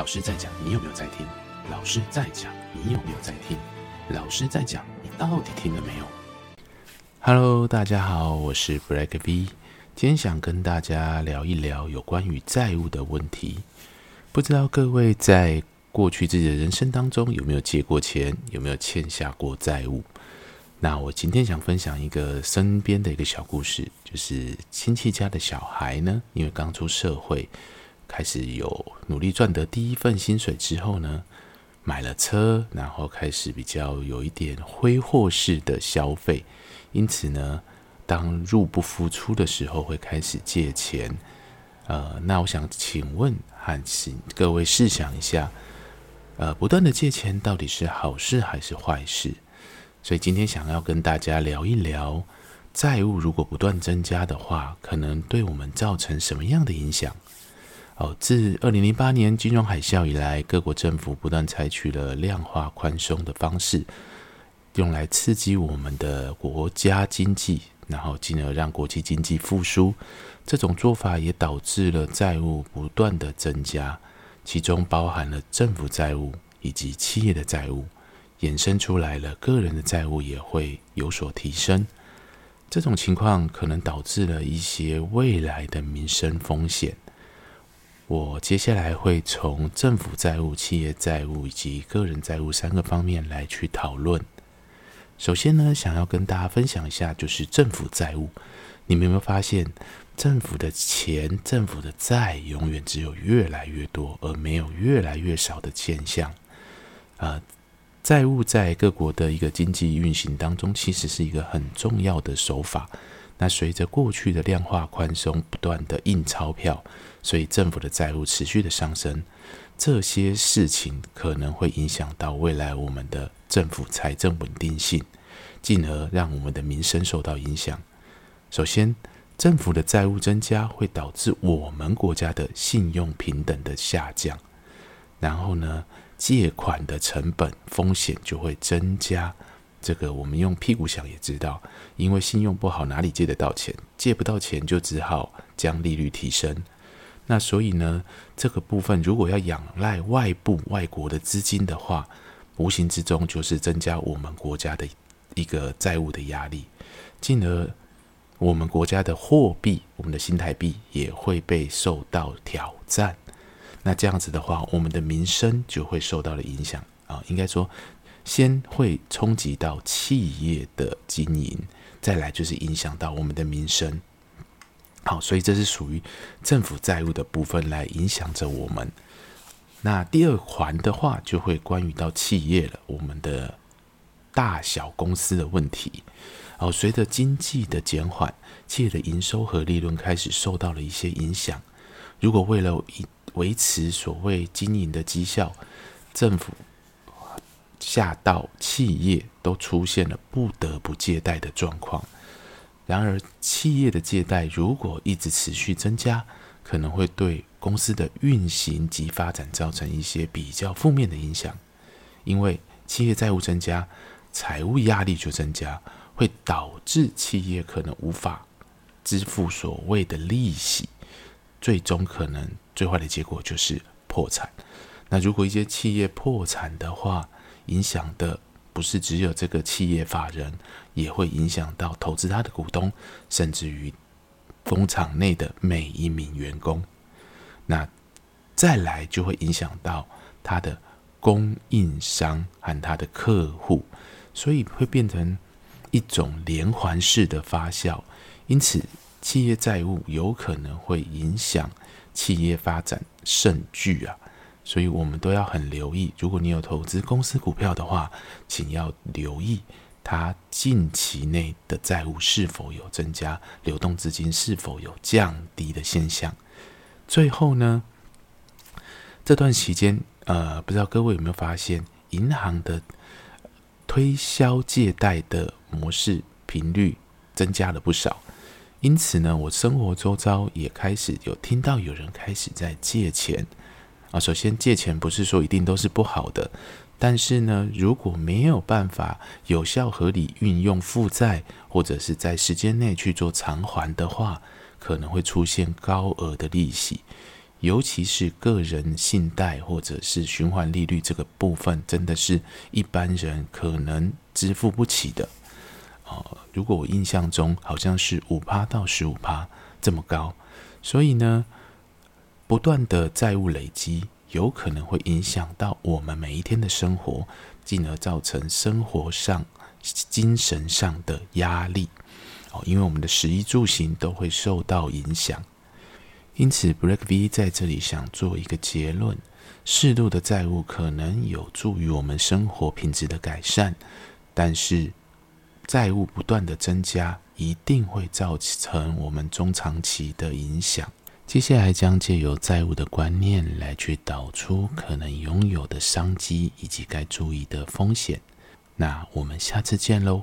老師在講，你有沒有在聽？老師在講，你有沒有在聽？老師在講，你到底聽了沒有？Hello，大家好，我是 Black V，今天想跟大家聊一聊有關於債務的問題。不知道各位在過去自己的人生當中有沒有借過錢，有沒有欠下過債務？那我今天想分享一個身邊的一個小故事，就是親戚家的小孩呢，因為剛出社會。開始有努力賺得第一份薪水之後呢，買了車，然後開始比較有一點揮霍式的消費，因此呢，當入不敷出的時候會開始借錢。呃，那我想請問，還請各位試想一下，呃，不斷的借錢到底是好事還是壞事？所以今天想要跟大家聊一聊，債務如果不斷增加的話，可能對我們造成什麼樣的影響？哦，自二零零八年金融海嘯以來，各國政府不斷採取了量化寬鬆的方式，用來刺激我們的國家經濟，然後進而讓國際經濟復甦。這種做法也導致了債務不斷的增加，其中包含了政府債務以及企業的債務，衍生出來了個人的債務也會有所提升。這種情況可能導致了一些未來的民生風險。我接下來會從政府債務、企業債務以及個人債務三個方面來去討論。首先呢，想要跟大家分享一下，就是政府債務。你們有沒有發現，政府的錢、政府的債，永遠只有越來越多，而沒有越來越少的現象？啊、呃，債務在各國的一個經濟運行當中，其實是一個很重要的手法。那隨着過去的量化寬鬆不斷的印鈔票。所以政府的債務持續的上升，這些事情可能會影響到未來我們的政府財政穩定性，進而讓我們的民生受到影響。首先，政府的債務增加會導致我們國家的信用評等的下降，然後呢，借款的成本風險就會增加。這個我們用屁股想也知道，因為信用不好，哪裡借得到錢？借不到錢，就只好將利率提升。那所以呢，這個部分如果要仰賴外部外國的資金的話，無形之中就是增加我們國家的一個債務的壓力，進而我們國家的貨幣，我們的新台幣也會被受到挑戰。那這樣子的話，我們的民生就會受到了影響啊。應該說，先會衝擊到企業的經營，再來就是影響到我們的民生。好，所以這是屬於政府債務的部分來影響着我們。那第二環的話，就會關於到企業了，我們的大小公司的問題。好、哦，隨着經濟的減緩，企業的營收和利潤開始受到了一些影響。如果為了維維持所謂經營的績效，政府下到企業都出現了不得不借貸的狀況。然而，企業的借貸如果一直持續增加，可能會對公司的運行及發展造成一些比較負面的影響。因為企業債務增加，財務壓力就增加，會導致企業可能無法支付所謂的利息，最終可能最壞的結果就是破產。那如果一些企業破產的話，影響的，不是只有這個企業法人，也會影響到投資他的股東，甚至於工廠內的每一名員工。那再來就會影響到他的供應商和他的客戶，所以會變成一種連環式的發酵。因此，企業債務有可能會影響企業發展甚巨啊。所以，我們都要很留意。如果你有投資公司股票的話，請要留意它近期內的債務是否有增加，流動資金是否有降低的現象。最後呢，這段期間，呃，不知道各位有沒有發現，銀行的推銷借貸的模式頻率增加了不少。因此呢，我生活周遭也開始有聽到有人開始在借錢。啊，首先借錢不是說一定都是不好的，但是呢，如果沒有辦法有效合理運用負債，或者是在時間內去做償還的話，可能會出現高額的利息，尤其是個人信貸或者是循環利率這個部分，真的是一般人可能支付不起的。啊、哦，如果我印象中好像是五趴到十五趴這麼高，所以呢。不斷的債務累積，有可能會影響到我們每一天的生活，進而造成生活上、精神上的壓力。哦，因為我們的食衣住行都會受到影響。因此，Break V 在這裡想做一個結論：適度的債務可能有助於我們生活品質的改善，但是債務不斷的增加，一定會造成我們中長期的影響。接下來將借由債務的觀念來去導出可能擁有的商機以及該注意的風險。那我們下次見囉！